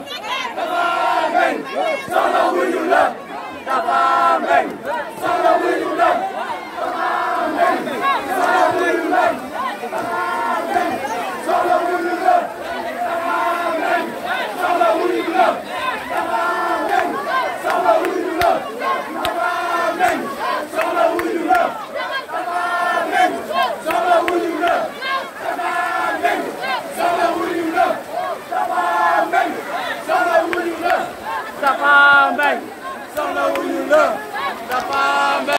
dafa mel. soxla wuñu la dafa mel. Moustapha Mbaye soxna